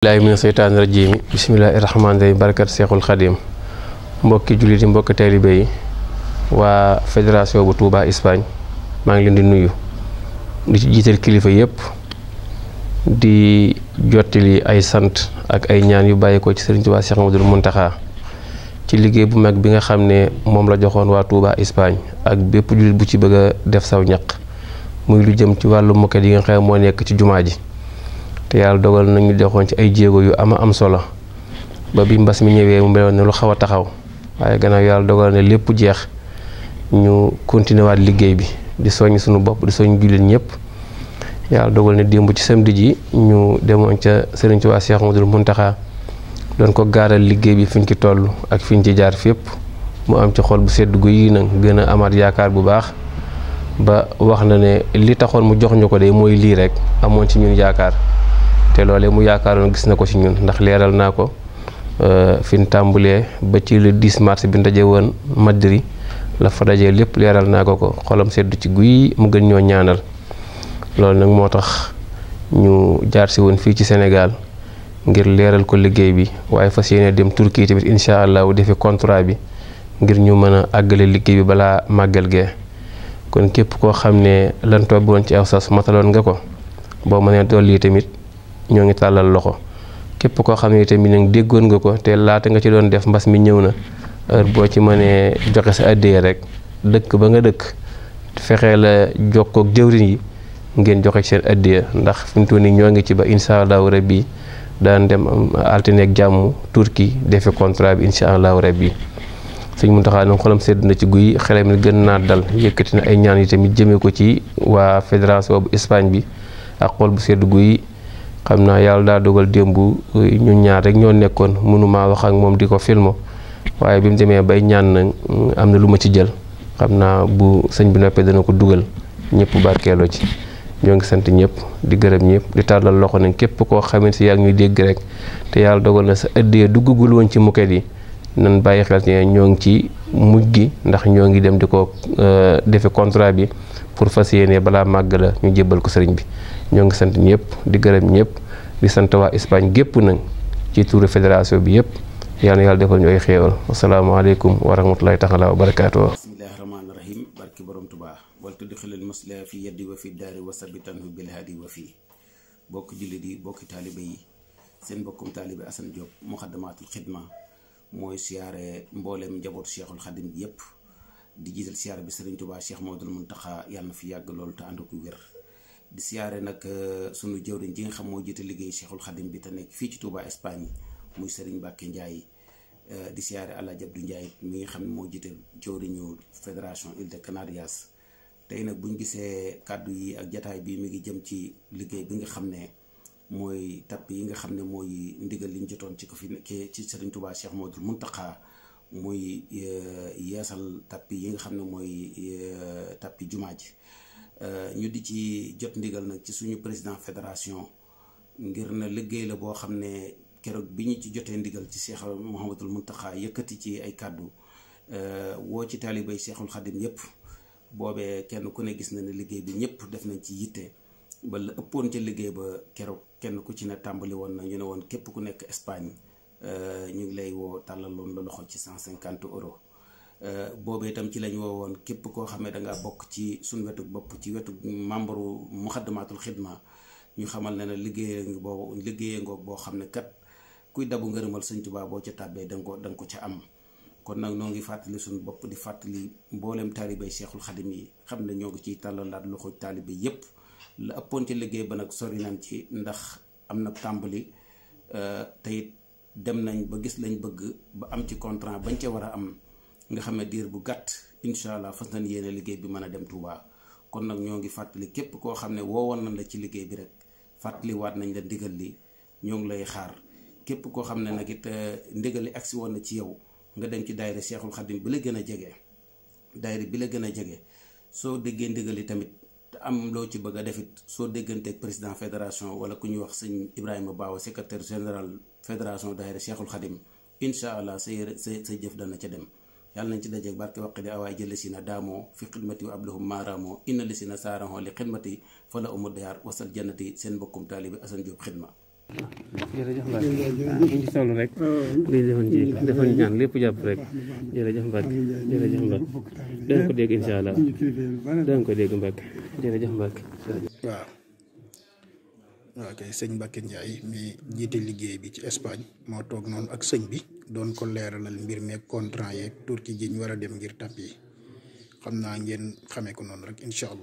bilahi mina seytaani rajiim bismillahi rahmaani rahiim barkat seexul xadim mbokki jullit yi mbokki taalibe yi waa fédération bu Touba Espagne maa ngi leen di nuyu di ci jiital kilifa yépp di jottali ay sant ak ay ñaan yu bàyyi ko ci Sëriñ Tuubaa Seex Ahmadul Muntaxaa ci liggéey bu mag bi nga xam ne moom la joxoon waa Touba Espagne ak bépp jullit bu ci bëgg a def saw ñaq muy lu jëm ci wàllu moket yi nga moo nekk ci jumaa ji te yàlla dogal nañu doxoon ci ay jéego yu ama am solo ba bi mbas mi ñëwee mu meloon ne lu xaw a taxaw waaye gannaaw yàlla dogal ne lépp jeex ñu continué liggéey bi di soññ suñu bopp di soññ jullit ñëpp yàlla dogal ne démb ci samedi ji ñu demoon ca Sëriñ Tuubaa Cheikh Mouhamadoul Mountakha doon ko gaaral liggéey bi fi ci toll ak fi ci jaar fépp mu am ci xol bu sedd gu yi nag gën a amaat yaakaar bu baax ba wax na ne li taxoon mu jox ñu ko de mooy lii rek amoon ci ñun yaakaar te mu yaakaaroon gis na ko ci ñun ndax leeral naa ko euh, fi mu tàmbulee ba ci le 10 mars bi ndaje woon Madrid la fa dajee lépp leeral naa ko ko xolam seddu ci guy mu gën ñoo ñaanal loolu nag moo tax ñu jaar si woon fii ci Sénégal ngir leeral ko liggéey bi waaye fas yéene dem Turquie tamit incha allah wu defee bi ngir ñu mën a àggale liggéey bi balaa màggal gee kon képp koo xam ne lan toogoon ci aw sas mataloon nga ko boo mënee dolli tamit. ñoo ngi tàllal loxo képp koo xam ne tamit nag déggoon nga ko te laata nga ci doon def mbas mi ñëw na heure boo ci mënee joxe sa àddee rek dëkk ba nga dëkk fexe la jokkook jëwriñ yi ngeen joxe seen àddee ndax fi mu toll nii ñoo ngi ci ba incha allahu rabbi daan dem altine ak jàmm turki defe contrat bi incha allahu rabbi mu Muntaxa nag xolam sedd na ci guy xelam ni gën naa dal yëkkati na ay ñaan yi tamit jëmee ko ci waa fédération bu Espagne bi ak xol bu sedd guy xam naa yàlla daa dogal démb euh, ñu ñaar rek ñoo nekkoon mënumaa wax ak moom di ko filmo waaye bi mu demee bay ñaan na euh, am na lu ma ci jël xam naa bu sëñ bi noppee dana ko dugal ñëpp barkeeloo ci ñoo ngi sant ñëpp di gërëm ñëpp di tàllal loxo nañ képp koo xamante si ak ñu dégg rek te yàlla dogal na sa ëddee duggagul woon ci mukket yi nan bàyyi xel ne ñoo ngi ci mujj gi ndax ñoo ngi dem di ko euh, defe contrat bi pour fas yéene balaa màgg la ñu jébbal ko sëriñ bi ñoo ngi sant ñëpp di gërëm ñëpp di sant waa Espagne gépp nag ci turu fédération bi yëpp yal na yàlla defal ñu ay xéewal asalaamaaleykum wa rahmatulahi taala wa barakaatu bismillahi rahmaani rahim barki borom tubaa wal tudxilil musliha fi yaddi wa fi daari wa sabitanhu bilhaadi wa fii bokki jullit di bokki taalibe yi seen bokkum taalibe Assane Diop muxaddamaatul xidma mooy siyaare mbooleem njabootu cheikhul xadim bi yëpp di jiital siyaare bi sëriñ tubaa cheikh mun Mountakha yàlla na fi yàgg loolu te ànd ko wér di siyaare nag euh, sunu jëwriñ ji nga xam moo jiite liggéey Cheikhul Khadim bi te nekk fii ci Touba Espagne muy Serigne Mbacke Ndiaye euh, di siyaare El Hadj Abdou Ndiaye mi nga xam moo jiite jëwriñu fédération Îles de Canarias tey nag buñ gisee kàddu yi ak jataay bi mi ngi jëm ci liggéey bi nga xam ne mooy tapp yi nga xam ne mooy ndigal liñ jotoon ci ko fi ci Serigne moo Cheikh mun Mountakha muy euh, yeesal tapp yi nga xam ne mooy tappi jumaa ji Euh, ñu di ci jot ndigal nag ci suñu président fédération ngir na liggéey la boo xam ne keroog bi ñu ci jotee ndigal ci Cheikh Mouhamadul Mountakha yëkkati ci ay kàddu euh, woo ci taalibay Cheikhul Khadim yëpp boobee kenn ku ne gis na ne liggéey bi ñëpp def nañ ci yitte ba ëppoon ca liggéey ba keroog kenn ku ci ne tàmbali woon na ñu ne woon képp ku nekk Espagne euh, ñu ngi lay woo tàllaloon la loxo ci cent cinquante euros. Euh, boobu itam ci lañ woon képp koo xam danga bokk ci suñ wetu bopp ci wetu membre muxaddamaatul xidma ñu xamal ne na liggéey boobu liggéeye ngoog boo xam ne kat kuy dabu ngërëmal sëñ Tuubaa boo ca tàbbee danga ko danga ko ca am kon nag noo ngi fàttali suñu bopp di fàttali mboolem taalibay Seexul Xadim yi xam ne ñoo ngi ciy tàllalaat loxo taalibe yépp la ëppoon ci liggéey ba nag sori nañ ci ndax am na tàmbali euh, te it dem nañ ba gis lañ bëgg ba am ci contrat bañ ca war a am nga xam ne diir bu gàtt incha allah fas nañ yéene liggéey bi mën a dem Touba kon nag ñoo ngi fàttali képp koo xam ne woo woon nañ la ci liggéey bi rek fàttaliwaat nañ la ndigal li ñoo ngi lay xaar képp koo xam ne nag it euh, ndigal li agsi woon na ci yow nga dem ci daayira Seexul Xadim bi la gën a jege daayira bi la gën a jege soo déggee ndigal tamit te am loo ci bëgg a defit soo dégganteek président fédération wala ku ñuy wax sëñ Ibrahima baaw secrétaire général fédération daayira Seexul Xadim incha allah sa sa sa jëf dana ca dem yàlla nañ ci dajeeg barke waqi di awaay jël si na daamoo fi xidmati wa ablahum maaraamoo inna li si na saaraxoo li xidmati fa la umu dayaar wasal jannati seen mbokkum taalibi asan Diop xidma jërëjëf Mbacke ah ci rek liñ lépp jàpp rek jërëjëf Mbacke jërëjëf Mbacke danga ko dégg incha allah danga ko dégg jiite liggéey bi ci Espagne moo toog noonu ak sëñ bi. doon ko leeralal mbir meeg contrat yeeg tur ki ji war a dem ngir tàpp yi xam naa ngeen xamee ko noonu rek incha allah.